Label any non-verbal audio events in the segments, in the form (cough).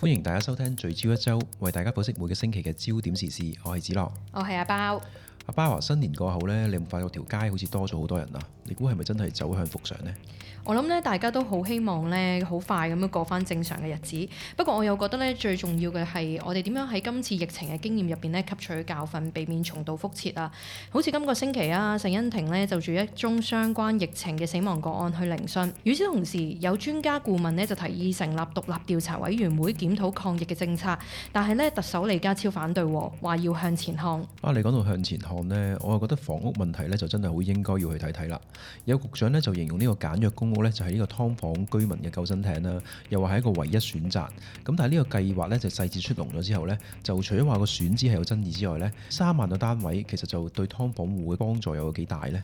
歡迎大家收聽聚焦一周，為大家剖析每個星期嘅焦點時事。我係子樂，我係阿包。阿包話、啊：新年過後呢，你有冇發覺條街好似多咗好多人啊？你估係咪真係走向復常呢？我諗呢，大家都好希望呢，好快咁樣過翻正常嘅日子。不過，我又覺得呢，最重要嘅係我哋點樣喺今次疫情嘅經驗入邊呢，吸取教訓，避免重蹈覆轍啊！好似今個星期啊，死因庭呢就住一宗相關疫情嘅死亡個案去聆訊。與此同時，有專家顧問呢就提議成立獨立調查委員會，檢討抗疫嘅政策。但係呢，特首李家超反對，話要向前看。啊！你講到向前看呢，我又覺得房屋問題呢，就真係好應該要去睇睇啦。有局長咧就形容呢個簡約公屋咧就係呢個劏房居民嘅救生艇啦，又話係一個唯一選擇。咁但係呢個計劃咧就細節出籠咗之後咧，就除咗話個選址係有爭議之外咧，三萬個單位其實就對劏房戶嘅幫助有幾大呢？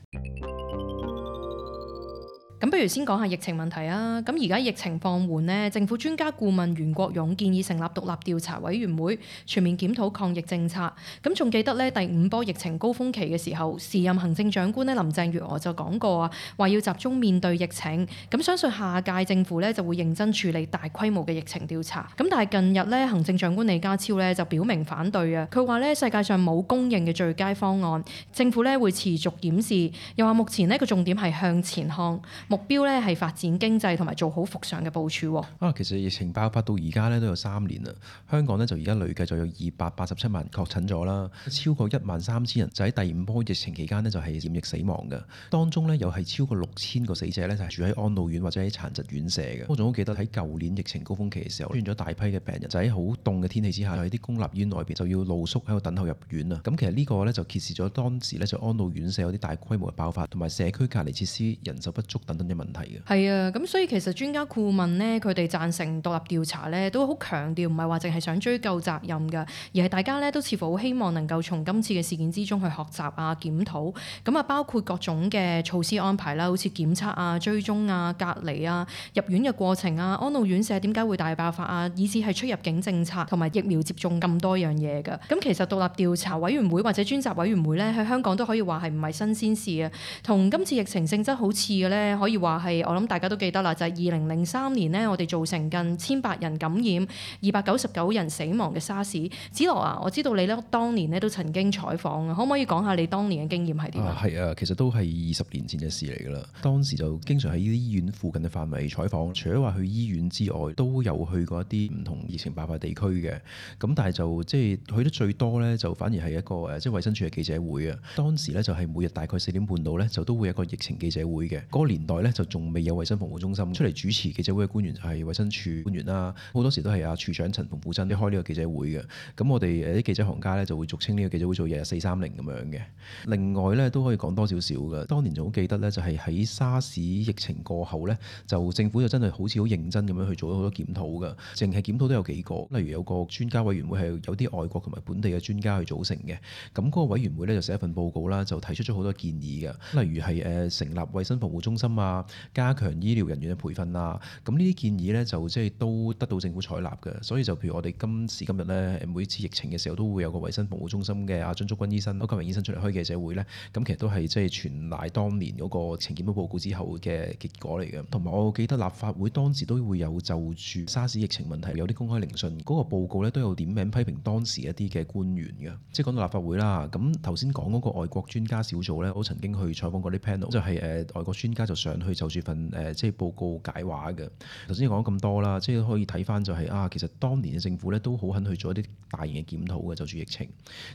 咁不如先講下疫情問題啊！咁而家疫情放緩呢，政府專家顧問袁國勇建議成立獨立調查委員會，全面檢討抗疫政策。咁仲記得呢第五波疫情高峰期嘅時候，時任行政長官呢林鄭月娥就講過啊，話要集中面對疫情。咁相信下屆政府呢就會認真處理大規模嘅疫情調查。咁但係近日呢，行政長官李家超呢就表明反對啊，佢話呢世界上冇公認嘅最佳方案，政府呢會持續檢視。又話目前呢個重點係向前看。目標咧係發展經濟同埋做好復常嘅部署喎。啊，其實疫情爆發到而家咧都有三年啦。香港咧就而家累計就有二百八十七萬確診咗啦，超過一萬三千人就喺第五波疫情期間呢就係、是、染疫死亡嘅。當中咧又係超過六千個死者咧就係住喺安老院或者喺殘疾院舍嘅。我仲好記得喺舊年疫情高峰期嘅時候，出現咗大批嘅病人就喺好凍嘅天氣之下喺啲公立醫院外邊就要露宿喺度等候入院啊。咁其實個呢個咧就揭示咗當時咧就安老院舍有啲大規模嘅爆發，同埋社區隔離設施人手不足等。啲問題嘅係啊，咁、嗯、所以其實專家顧問呢，佢哋贊成獨立調查咧，都好強調，唔係話淨係想追究責任㗎，而係大家咧都似乎好希望能夠從今次嘅事件之中去學習啊、檢討。咁、嗯、啊，包括各種嘅措施安排啦、啊，好似檢測啊、追蹤啊、隔離啊、入院嘅過程啊、安老院舍點解會大爆發啊，以至係出入境政策同埋疫苗接種咁多樣嘢嘅。咁、嗯、其實獨立調查委員會或者專責委員會咧，喺香港都可以話係唔係新鮮事啊，同今次疫情性質好似嘅咧，可以。可以話係我諗大家都記得啦，就係二零零三年呢，我哋造成近千八百人感染、二百九十九人死亡嘅沙士。子樂啊，我知道你呢，當年呢都曾經採訪啊，可唔可以講下你當年嘅經驗係點樣啊？係啊，其實都係二十年前嘅事嚟㗎啦。當時就經常喺啲醫院附近嘅範圍採訪，除咗話去醫院之外，都有去過一啲唔同疫情爆發地區嘅。咁但係就即係、就係、去得最多呢，就反而係一個即係衞生署嘅記者會啊。當時呢，就係、係、每日大概四點半到呢，就都會有一個疫情記者會嘅嗰、嗰個年代。咧就仲未有衞生服務中心出嚟主持記者會嘅官員，就係衞生署官員啦。好多時都係阿署長陳馮富珍啲開呢個記者會嘅。咁我哋誒啲記者行家咧就會俗稱呢個記者會做日日四三零咁樣嘅。另外咧都可以講多少少嘅。當年仲好記得咧，就係喺沙士疫情過後咧，就政府就真係好似好認真咁樣去做咗好多檢討嘅。淨係檢討都有幾個，例如有個專家委員會係有啲外國同埋本地嘅專家去組成嘅。咁嗰個委員會咧就寫一份報告啦，就提出咗好多建議嘅。例如係誒成立衞生服務中心啊。啊！加強醫療人員嘅培訓啦。咁呢啲建議呢，就即係都得到政府採納嘅。所以就譬如我哋今時今日呢，每次疫情嘅時候都會有個衞生防護中心嘅阿張竹君醫生、醫生歐家榮醫生出嚟開記者會呢。咁其實都係即係傳遞當年嗰個疫情報告之後嘅結果嚟嘅。同埋我記得立法會當時都會有就住沙士疫情問題有啲公開聆訊，嗰、那個報告呢，都有點名批評當時一啲嘅官員嘅。即係講到立法會啦，咁頭先講嗰個外國專家小組呢，我都曾經去採訪過啲 panel，就係、是、誒、呃、外國專家就上。去就住份誒、呃，即係報告解話嘅。頭先講咗咁多啦，即係可以睇翻就係、是、啊，其實當年嘅政府咧都好肯去做一啲大型嘅檢討嘅就住疫情。咁、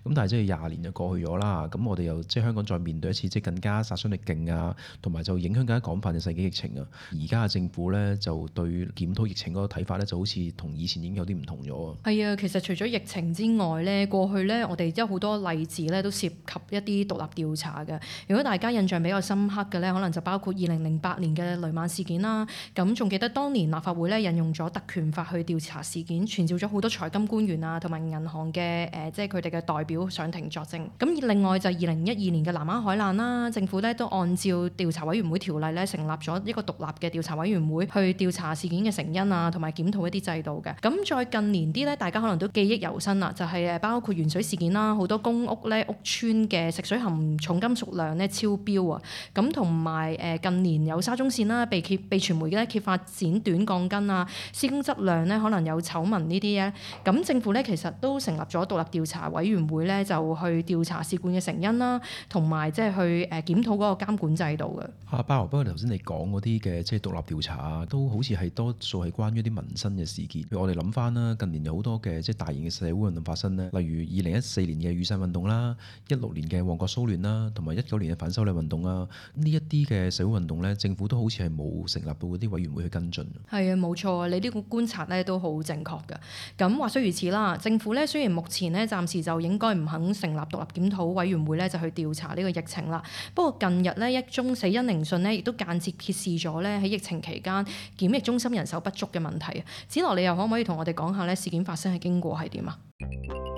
嗯、但係即係廿年就過去咗啦，咁、啊嗯、我哋又即係香港再面對一次即係更加殺傷力勁啊，同埋就影響更加廣泛嘅世紀疫情啊。而家嘅政府咧就對檢討疫情嗰個睇法咧就好似同以前已經有啲唔同咗。係啊，其實除咗疫情之外咧，過去咧我哋有好多例子咧都涉及一啲獨立調查嘅。如果大家印象比較深刻嘅咧，可能就包括二零。零八年嘅雷曼事件啦，咁仲記得當年立法會咧引用咗特權法去調查事件，傳召咗好多財金官員啊，同埋銀行嘅誒即係佢哋嘅代表上庭作證，咁另外就係二零一二年嘅南丫海難啦，政府咧都按照調查委員會條例咧成立咗一個獨立嘅調查委員會去調查事件嘅成因啊，同埋檢討一啲制度嘅。咁再近年啲咧，大家可能都記憶猶新啦，就係、是、誒包括鉛水事件啦，好多公屋咧屋邨嘅食水含重金屬量咧超標啊，咁同埋誒近年。有沙中線啦，被揭被傳媒嘅揭發剪短鋼筋啊，施工質量呢可能有醜聞呢啲啊。咁政府咧其實都成立咗獨立調查委員會咧，就去調查事故嘅成因啦，同埋即係去誒檢討嗰個監管制度嘅。阿包、啊，不過頭先你講嗰啲嘅即係獨立調查啊，都好似係多數係關於啲民生嘅事件。我哋諗翻啦，近年有好多嘅即係大型嘅社會運動發生咧，例如二零一四年嘅雨傘運動啦，一六年嘅旺角騷亂啦，同埋一九年嘅反修例運動啦。呢一啲嘅社會運動，政府都好似係冇成立到嗰啲委員會去跟進。係啊，冇錯，你呢個觀察咧都好正確噶咁話雖如此啦，政府咧雖然目前咧暫時就應該唔肯成立獨立檢討委員會咧，就去調查呢個疫情啦。不過近日呢，一宗死因聆訊呢亦都間接揭示咗咧，喺疫情期間檢疫中心人手不足嘅問題啊。子樂，你又可唔可以同我哋講下呢事件發生嘅經過係點啊？ (music)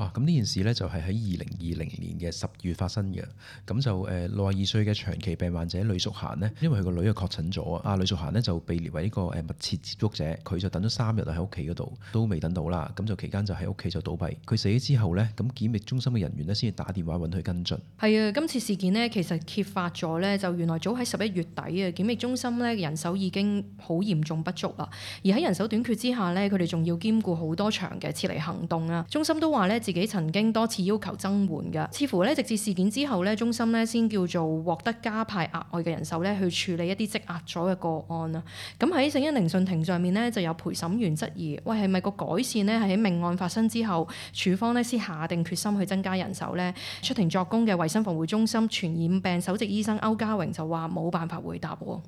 啊，咁呢件事呢，就係喺二零二零年嘅十月發生嘅，咁就誒六廿二歲嘅長期病患者呂淑嫻呢，因為佢個女又確診咗，啊、呃。呂淑嫻呢，就被列為呢、這個誒、呃、密切接觸者，佢就等咗三日喺屋企嗰度都未等到啦，咁就期間就喺屋企就倒閉，佢死咗之後呢，咁檢疫中心嘅人員呢，先至打電話揾佢跟進。係啊，今次事件呢，其實揭發咗呢，就原來早喺十一月底啊，檢疫中心呢，人手已經好嚴重不足啦，而喺人手短缺之下呢，佢哋仲要兼顧好多場嘅撤離行動啊，中心都話呢。自己曾經多次要求增援嘅，似乎咧直至事件之後咧，中心咧先叫做獲得加派額外嘅人手咧，去處理一啲積壓咗嘅個案啦。咁喺死因聆訊庭上面咧，就有陪審員質疑：喂，係咪個改善咧係喺命案發生之後，署方咧先下定決心去增加人手呢？出庭作供嘅衞生防護中心傳染病首席醫生歐家榮就話：冇辦法回答哦。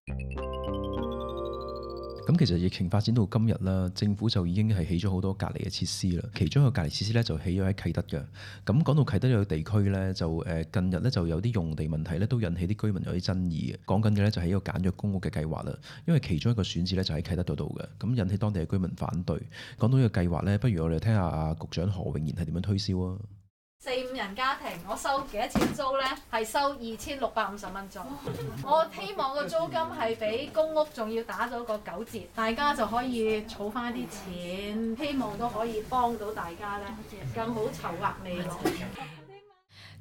咁其實疫情發展到今日啦，政府就已經係起咗好多隔離嘅設施啦。其中一個隔離設施咧就起咗喺啟德嘅。咁講到啟德呢個地區咧，就誒近日咧就有啲用地問題咧都引起啲居民有啲爭議嘅。講緊嘅咧就係一個簡約公屋嘅計劃啦，因為其中一個選址咧就喺啟德嗰度嘅，咁引起當地嘅居民反對。講到呢個計劃咧，不如我哋聽下阿局長何永賢係點樣推銷啊！四五人家庭，我收幾多錢租呢？係收二千六百五十蚊租。我希望個租金係比公屋仲要打咗個九折，大家就可以儲翻啲錢，希望都可以幫到大家呢，更好籌劃未來。 (laughs)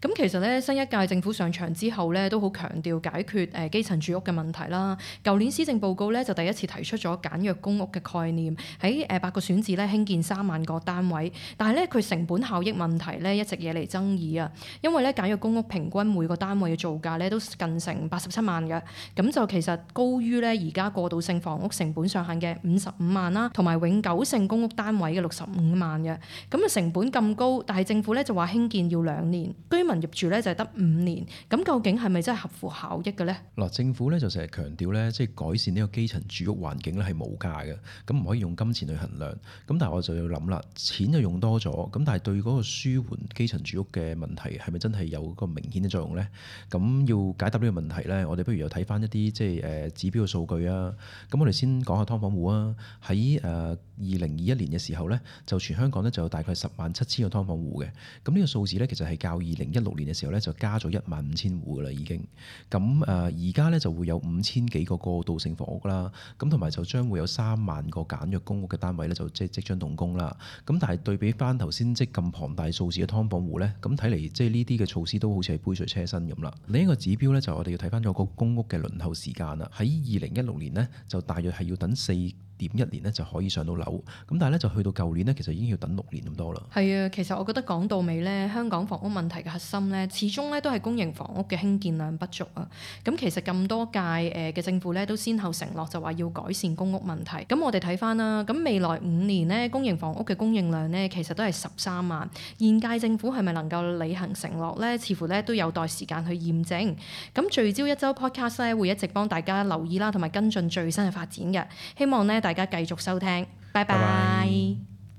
咁其實咧，新一屆政府上場之後咧，都好強調解決誒、呃、基層住屋嘅問題啦。舊年施政報告咧就第一次提出咗簡約公屋嘅概念，喺誒八個選址咧興建三萬個單位，但係咧佢成本效益問題咧一直惹嚟爭議啊。因為咧簡約公屋平均每個單位嘅造價咧都近成八十七萬嘅，咁就其實高於咧而家過渡性房屋成本上限嘅五十五萬啦，同埋永久性公屋單位嘅六十五萬嘅。咁啊成本咁高，但係政府咧就話興建要兩年，居民，入住咧就係得五年，咁究竟係咪真係合乎效益嘅咧？嗱，政府咧就成日強調咧，即係改善呢個基層住屋環境咧係無價嘅，咁唔可以用金錢去衡量。咁但係我就要諗啦，錢就用多咗，咁但係對嗰個舒緩基層住屋嘅問題係咪真係有嗰個明顯嘅作用咧？咁要解答呢個問題咧，我哋不如又睇翻一啲即係誒指標嘅數據啊。咁我哋先講下劏房戶啊，喺誒二零二一年嘅時候咧，就全香港咧就有大概十萬七千個劏房戶嘅。咁呢個數字咧其實係較二零一六年嘅時候咧就加咗一萬五千戶噶啦，已經咁誒，而家咧就會有五千幾個過渡性房屋啦，咁同埋就將會有三萬個簡約公屋嘅單位咧，就即係即將動工啦。咁但係對比翻頭先即咁龐大數字嘅劏房戶咧，咁睇嚟即係呢啲嘅措施都好似係杯水車薪咁啦。另一個指標咧就我哋要睇翻咗個公屋嘅輪候時間啦。喺二零一六年呢，就大約係要等四點一年呢，就可以上到樓，咁但係咧就去到舊年呢，其實已經要等六年咁多啦。係啊，其實我覺得講到尾呢，香港房屋問題嘅核心呢，始終呢都係公營房屋嘅興建量不足啊。咁其實咁多屆誒嘅政府呢，都先後承諾就話要改善公屋問題。咁我哋睇返啦，咁未來五年呢，公營房屋嘅供應量呢，其實都係十三萬。現屆政府係咪能夠履行承諾呢？似乎呢都有待時間去驗證。咁聚焦一周 podcast 咧，會一直幫大家留意啦，同埋跟進最新嘅發展嘅。希望呢。大家繼續收聽，拜拜。